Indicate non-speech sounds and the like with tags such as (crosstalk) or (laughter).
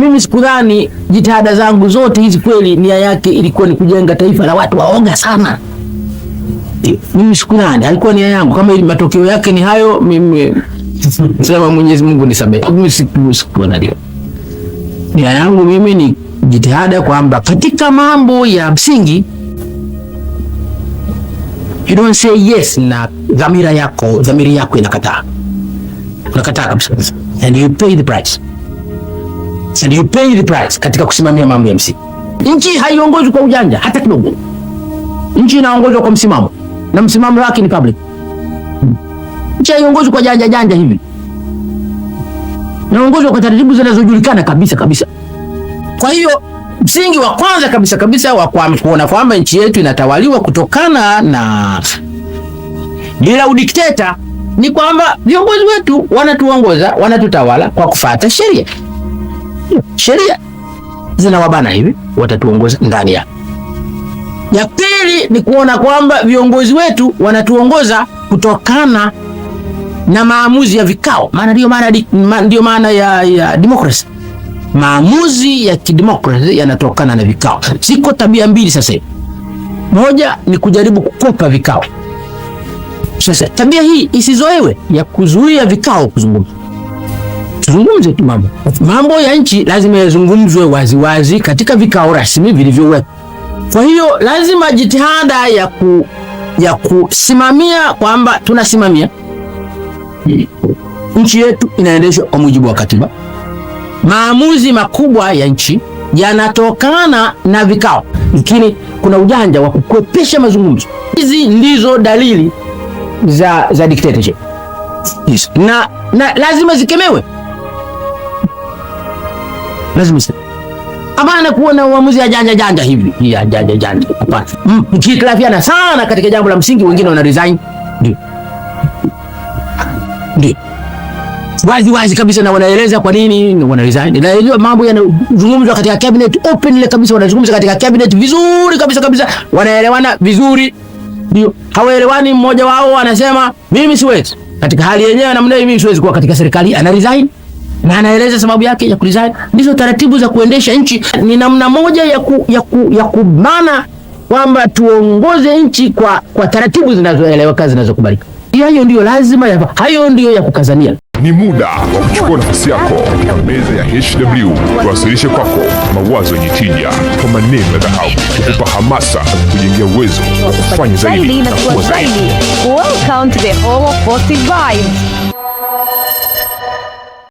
mimi sikudhani jitihada zangu zote hizi kweli nia yake ilikuwa ni kujenga taifa la watu waoga sana. Mimi sikudhani alikuwa nia yangu, kama ili matokeo yake ni hayo, mimi (laughs) sema Mwenyezi Mungu nisamehe. Mimi sikuona hiyo nia yangu, mimi ni jitihada kwamba katika mambo ya msingi you don't say yes na dhamira yako, dhamiri yako inakataa, unakataa kabisa, and you pay the price and you pay the price katika kusimamia mambo ya msingi. Nchi haiongozwi kwa ujanja hata kidogo. Nchi inaongozwa kwa msimamo na msimamo wake ni public. Nchi haiongozwi kwa janja janja hivi, naongozwa kwa taratibu zinazojulikana kabisa kabisa. Kwa hiyo msingi wa kwanza kabisa kabisa wa kwa kuona kwamba nchi yetu inatawaliwa kutokana na bila udikteta ni kwamba viongozi wetu wanatuongoza, wanatutawala kwa kufuata sheria sheria zinawabana hivi, watatuongoza ndani ya ya pili ni kuona kwamba viongozi wetu wanatuongoza kutokana na maamuzi ya vikao, maana ndio maana ndio maana ya, ya demokrasi. Maamuzi ya kidemokrasi yanatokana na vikao. Ziko tabia mbili sasa hivi, moja ni kujaribu kukopa vikao. Sasa tabia hii isizoewe ya kuzuia vikao kuzungumza tuzungumze tu mambo. Mambo ya nchi lazima yazungumzwe waziwazi katika vikao rasmi vilivyowekwa. Kwa hiyo lazima jitihada ya, ku, ya kusimamia kwamba tunasimamia nchi yetu inaendeshwa kwa mujibu wa katiba. Maamuzi makubwa ya nchi yanatokana na vikao, lakini kuna ujanja wa kukwepesha mazungumzo. Hizi ndizo dalili za, za dictatorship. Yes. Na, na lazima zikemewe lazima sema hapana, kuona uamuzi ya janja janja hivi ya janja janja, hapana. Mm, Mkiklafiana sana katika jambo la msingi, wengine wana resign, ndio ndio wazi wazi kabisa, na wanaeleza kwa nini wana resign. Na hiyo mambo yanazungumzwa katika cabinet openly kabisa, wanazungumza katika cabinet vizuri kabisa kabisa, wanaelewana vizuri, ndio hawaelewani. Mmoja wao anasema mimi siwezi, katika hali yenyewe namna hii, mimi siwezi kuwa katika serikali, ana resign na anaeleza sababu yake ya kuresign. Ndizo taratibu za kuendesha nchi, ni namna moja ya, ku, ya, ku, ya kubana kwamba tuongoze nchi kwa, kwa taratibu zinazoeleweka zinazokubalika. Hayo ndiyo lazima ya, hayo ndiyo ya kukazania. Ni muda wa kuchukua nafasi yako katika meza ya HW, tuwasilishe kwako mawazo yenye tija kwa maneno ya dhahabu, kukupa hamasa, kujengea uwezo wa kufanya zaidi na kuwa zaidi. Welcome to the Hall of Positive Vibes.